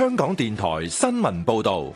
香港電台新聞報道，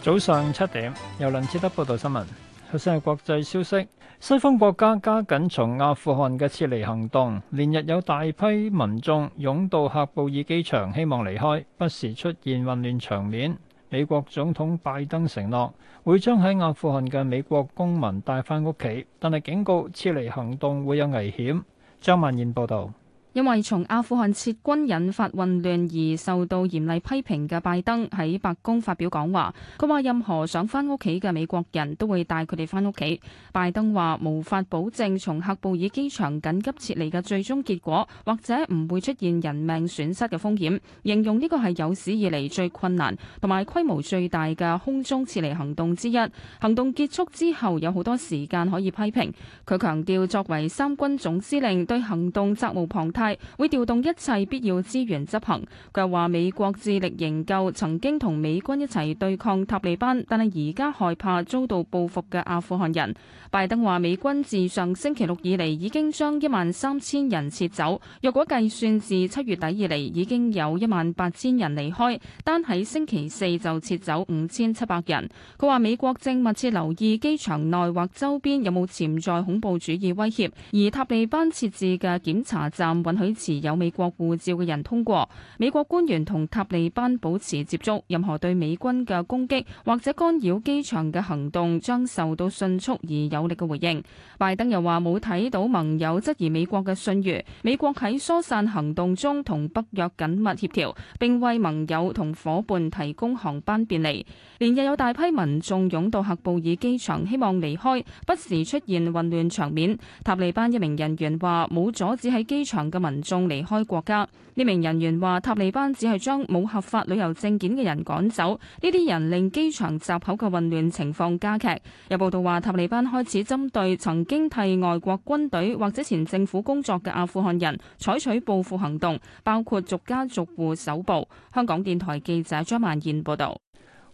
早上七點，由林志德報道新聞。首先係國際消息，西方國家加緊從阿富汗嘅撤離行動，連日有大批民眾湧到喀布爾機場，希望離開，不時出現混亂場面。美國總統拜登承諾會將喺阿富汗嘅美國公民帶翻屋企，但係警告撤離行動會有危險。張曼燕報道。因為從阿富汗撤軍引發混亂而受到嚴厲批評嘅拜登，喺白宮發表講話。佢話任何想翻屋企嘅美國人都會帶佢哋翻屋企。拜登話無法保證從喀布爾機場緊急撤離嘅最終結果，或者唔會出現人命損失嘅風險，形容呢個係有史以嚟最困難同埋規模最大嘅空中撤離行動之一。行動結束之後有好多時間可以批評。佢強調作為三軍總司令對行動責無旁貸，會調動一切必要資源執行。佢又話美國致力營救曾經同美軍一齊對抗塔利班，但係而家害怕遭到報復嘅阿富汗人。拜登話美軍自上星期六以嚟已經將一萬三千人撤走，若果計算至七月底以嚟已經有一萬八千人離開，單喺星期四就撤走五千七百人。佢話美國正密切留意機場內或周邊有冇潛在恐怖主義威脅，而塔利班設置嘅檢查站許持有美國護照嘅人通過。美國官員同塔利班保持接觸。任何對美軍嘅攻擊或者干擾機場嘅行動，將受到迅速而有力嘅回應。拜登又話冇睇到盟友質疑美國嘅信譽。美國喺疏散行動中同北約緊密協調，並為盟友同夥伴提供航班便利。連日有大批民眾湧到喀布爾機場，希望離開，不時出現混亂場面。塔利班一名人員話冇阻止喺機場嘅民眾離開國家。呢名人員話：塔利班只係將冇合法旅遊證件嘅人趕走，呢啲人令機場閘口嘅混亂情況加劇。有報道話，塔利班開始針對曾經替外國軍隊或者前政府工作嘅阿富汗人採取報復行動，包括逐家逐戶搜捕。香港電台記者張曼燕報道。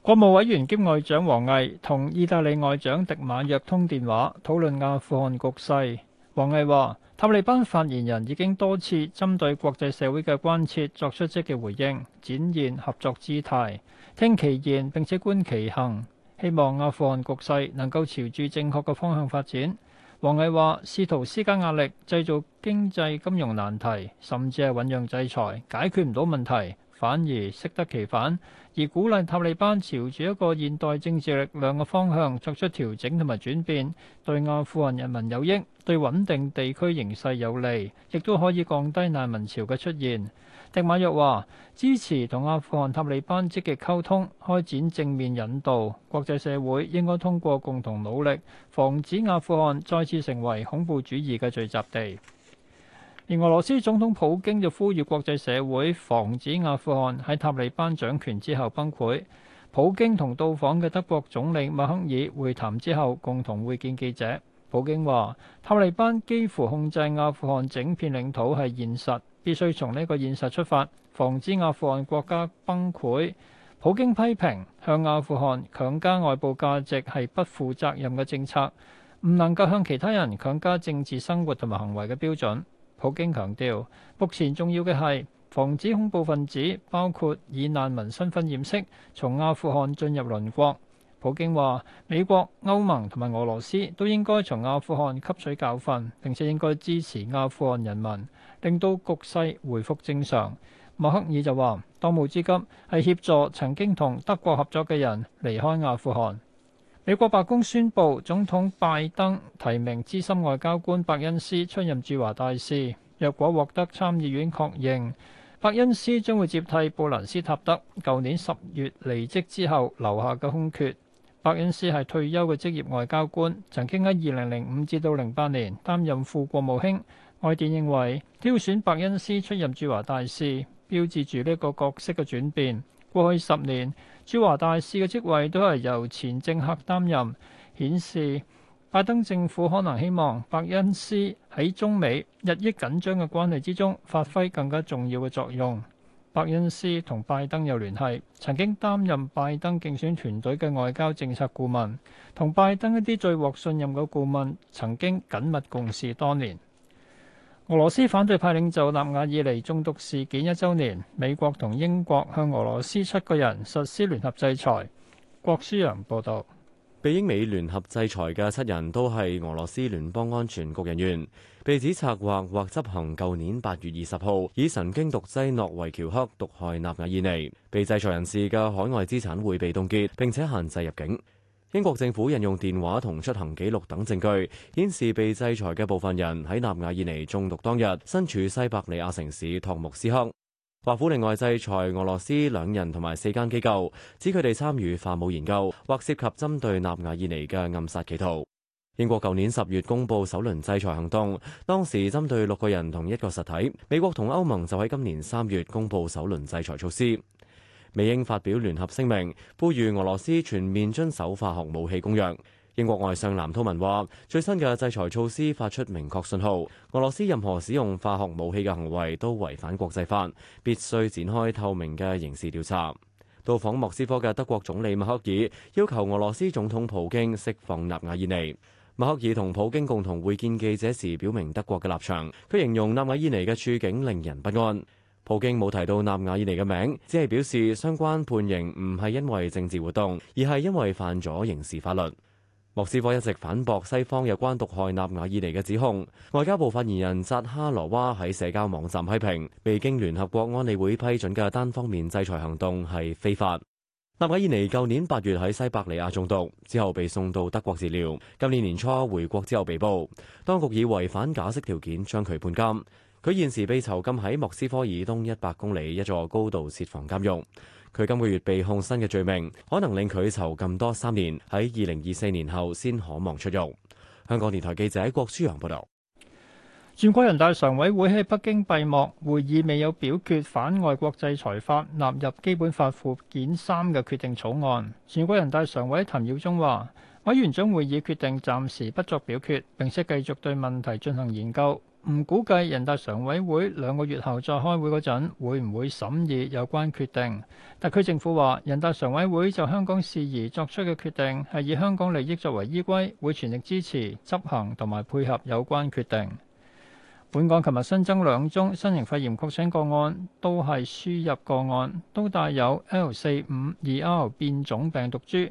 國務委員兼外長王毅同意大利外長迪馬約通電話，討論阿富汗局勢。王毅話：塔利班發言人已經多次針對國際社會嘅關切作出積極回應，展現合作姿態。聽其言並且觀其行，希望阿富汗局勢能夠朝住正確嘅方向發展。王毅話：試圖施加壓力，製造經濟金融難題，甚至係醞釀制裁，解決唔到問題。反而適得其反，而鼓勵塔利班朝住一個現代政治力量嘅方向作出調整同埋轉變，對阿富汗人民有益，對穩定地區形勢有利，亦都可以降低難民潮嘅出現。迪馬約話：支持同阿富汗塔利班積極溝，溝通，開展正面引導，國際社會應該通過共同努力，防止阿富汗再次成為恐怖主義嘅聚集地。而俄羅斯總統普京就呼籲國際社會防止阿富汗喺塔利班掌權之後崩潰。普京同到訪嘅德國總理默克爾會談之後，共同會見記者。普京話：塔利班幾乎控制阿富汗整片領土係現實，必須從呢個現實出發，防止阿富汗國家崩潰。普京批評向阿富汗強加外部價值係不負責任嘅政策，唔能夠向其他人強加政治生活同埋行為嘅標準。普京強調，目前重要嘅係防止恐怖分子，包括以難民身份掩飾，從阿富汗進入鄰國。普京話：美國、歐盟同埋俄羅斯都應該從阿富汗吸取教訓，並且應該支持阿富汗人民，令到局勢回復正常。默克爾就話：當務之急係協助曾經同德國合作嘅人離開阿富汗。美國白宮宣布，總統拜登提名資深外交官白恩斯出任駐華大使。若果獲得參議院確認，白恩斯將會接替布蘭斯塔德舊年十月離職之後留下嘅空缺。白恩斯係退休嘅職業外交官，曾經喺二零零五至到零八年擔任副國務卿。外電認為，挑選白恩斯出任駐華大使，標誌住呢個角色嘅轉變。過去十年，駐華大使嘅職位都係由前政客擔任，顯示拜登政府可能希望伯恩斯喺中美日益緊張嘅關係之中發揮更加重要嘅作用。伯恩斯同拜登有聯繫，曾經擔任拜登競選團隊嘅外交政策顧問，同拜登一啲最獲信任嘅顧問曾經緊密共事多年。俄羅斯反對派領袖納瓦爾尼中毒事件一周年，美國同英國向俄羅斯七個人實施聯合制裁。郭書陽報道，被英美聯合制裁嘅七人都係俄羅斯聯邦安全局人員，被指策劃或執行舊年八月二十號以神經毒劑諾維喬克毒害納瓦爾尼。被制裁人士嘅海外資產會被凍結，並且限制入境。英國政府引用電話同出行記錄等證據，顯示被制裁嘅部分人喺納瓦爾尼中毒當日身處西伯利亞城市托木斯克。華府另外制裁俄羅斯兩人同埋四間機構，指佢哋參與化武研究或涉及針對納瓦爾尼嘅暗殺企圖。英國舊年十月公布首輪制裁行動，當時針對六個人同一個實體。美國同歐盟就喺今年三月公布首輪制裁措施。美英發表聯合聲明，呼籲俄羅斯全面遵守化學武器公約。英國外相藍韜文話：最新嘅制裁措施發出明確信號，俄羅斯任何使用化學武器嘅行為都違反國際法，必須展開透明嘅刑事調查。到訪莫斯科嘅德國總理默克爾要求俄羅斯總統普京釋放納瓦爾尼。默克爾同普京共同會見記者時，表明德國嘅立場。佢形容納瓦爾尼嘅處境令人不安。普京冇提到納瓦爾尼嘅名，只係表示相關判刑唔係因為政治活動，而係因為犯咗刑事法律。莫斯科一直反駁西方有關毒害納瓦爾尼嘅指控。外交部發言人扎哈羅娃喺社交網站批評，未經聯合國安理會批准嘅單方面制裁行動係非法。納瓦爾尼舊年八月喺西伯利亞中毒，之後被送到德國治療，今年年初回國之後被捕，當局以違反假釋條件將佢判監。佢現時被囚禁喺莫斯科以東一百公里一座高度設防監獄。佢今個月被控新嘅罪名，可能令佢囚禁多三年，喺二零二四年後先可望出獄。香港電台記者郭舒洋報導。全國人大常委會喺北京閉幕會議未有表決反外國制裁法納入基本法附件三嘅決定草案。全國人大常委譚耀宗話：委員長會議決定暫時不作表決，並且繼續對問題進行研究。唔估計人大常委會兩個月後再開會嗰陣，會唔會審議有關決定？特區政府話，人大常委會就香港事宜作出嘅決定係以香港利益作為依歸，會全力支持執行同埋配合有關決定。本港琴日新增兩宗新型肺炎確診個案，都係輸入個案，都帶有 L 四五二 R 變種病毒株。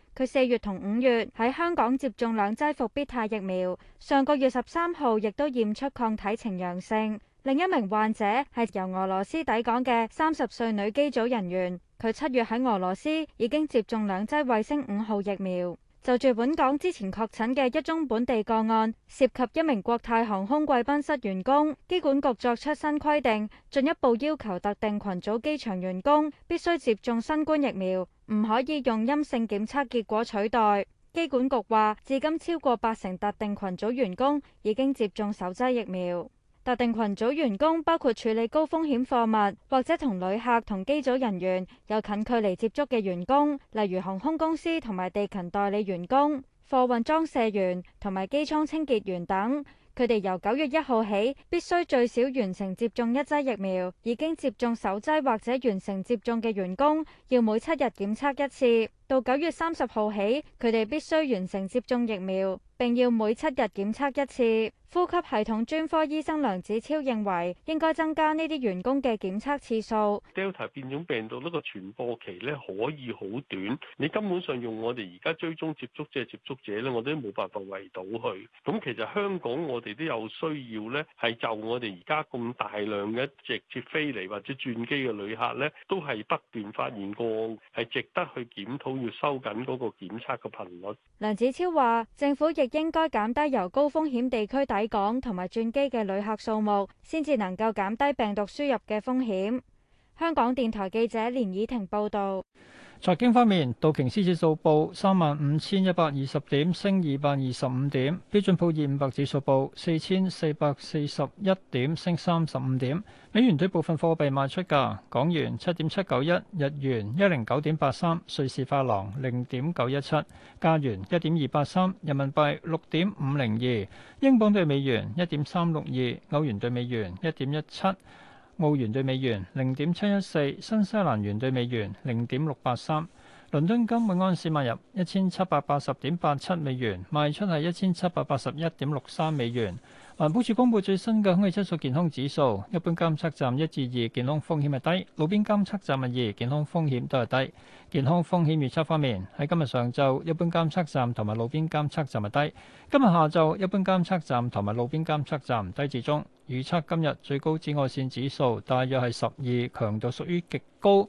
佢四月同五月喺香港接種兩劑復必泰疫苗，上個月十三號亦都驗出抗體呈陽性。另一名患者係由俄羅斯抵港嘅三十歲女機組人員，佢七月喺俄羅斯已經接種兩劑衛星五號疫苗。就住本港之前確診嘅一宗本地個案，涉及一名國泰航空貴賓室員工。機管局作出新規定，進一步要求特定群組機場員工必須接種新冠疫苗，唔可以用陰性檢測結果取代。機管局話，至今超過八成特定群組員工已經接種首劑疫苗。特定群組員工包括處理高風險貨物，或者同旅客同機組人員有近距離接觸嘅員工，例如航空公司同埋地勤代理員工、貨運裝卸員同埋機艙清潔員等。佢哋由九月一號起必須最少完成接種一劑疫苗。已經接種首劑或者完成接種嘅員工，要每七日檢測一次。到九月三十號起，佢哋必須完成接種疫苗，並要每七日檢測一次。呼吸系統專科醫生梁子超認為，應該增加呢啲員工嘅檢測次數。Delta 變種病毒呢個傳播期咧可以好短，你根本上用我哋而家追蹤接觸者、接觸者咧，我都冇辦法圍到佢，咁其實香港我哋都有需要咧，係就我哋而家咁大量嘅直接飛嚟或者轉機嘅旅客咧，都係不斷發現個案，係值得去檢討，要收緊嗰個檢測嘅頻率。梁子超話：政府亦應該減低由高風險地區抵港同埋轉機嘅旅客數目，先至能夠減低病毒輸入嘅風險。香港電台記者連以婷報導。財經方面，道瓊斯指數報三萬五千一百二十點，升二百二十五點；標準普爾五百指數報四千四百四十一點，升三十五點。美元對部分貨幣賣出價：港元七點七九一，日元一零九點八三，瑞士法郎零點九一七，加元一點二八三，人民幣六點五零二，英鎊對美元一點三六二，歐元對美元一點一七。澳元兌美元零點七一四，新西蘭元兌美元零點六八三，倫敦金每安士賣入一千七百八十點八七美元，賣出係一千七百八十一點六三美元。環保署公布最新嘅空氣質素健康指數，一般監測站一至二健康風險係低，路邊監測站二健康風險都係低。健康風險預測方面，喺今日上晝一般監測站同埋路邊監測站係低，今日下晝一般監測站同埋路邊監測站低至中。預測今日最高紫外線指數大約係十二，強度屬於極高。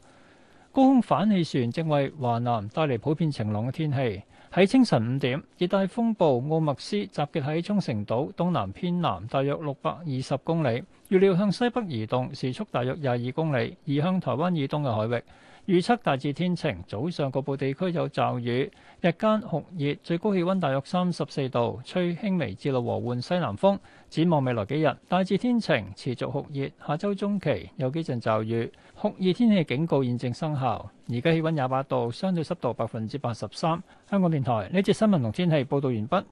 高空反氣旋正為華南帶嚟普遍晴朗嘅天氣。喺清晨五點，熱帶風暴奧麥斯集結喺沖繩島東南偏南大約六百二十公里。預料向西北移動，時速大約廿二公里，移向台灣以東嘅海域。預測大致天晴，早上局部地區有驟雨，日間酷熱，最高氣溫大約三十四度，吹輕微至到和緩西南風。展望未來幾日，大致天晴，持續酷熱，下周中期有幾陣驟雨，酷熱天氣警告現正生效。而家氣溫廿八度，相對濕度百分之八十三。香港電台呢節新聞同天氣報道完畢。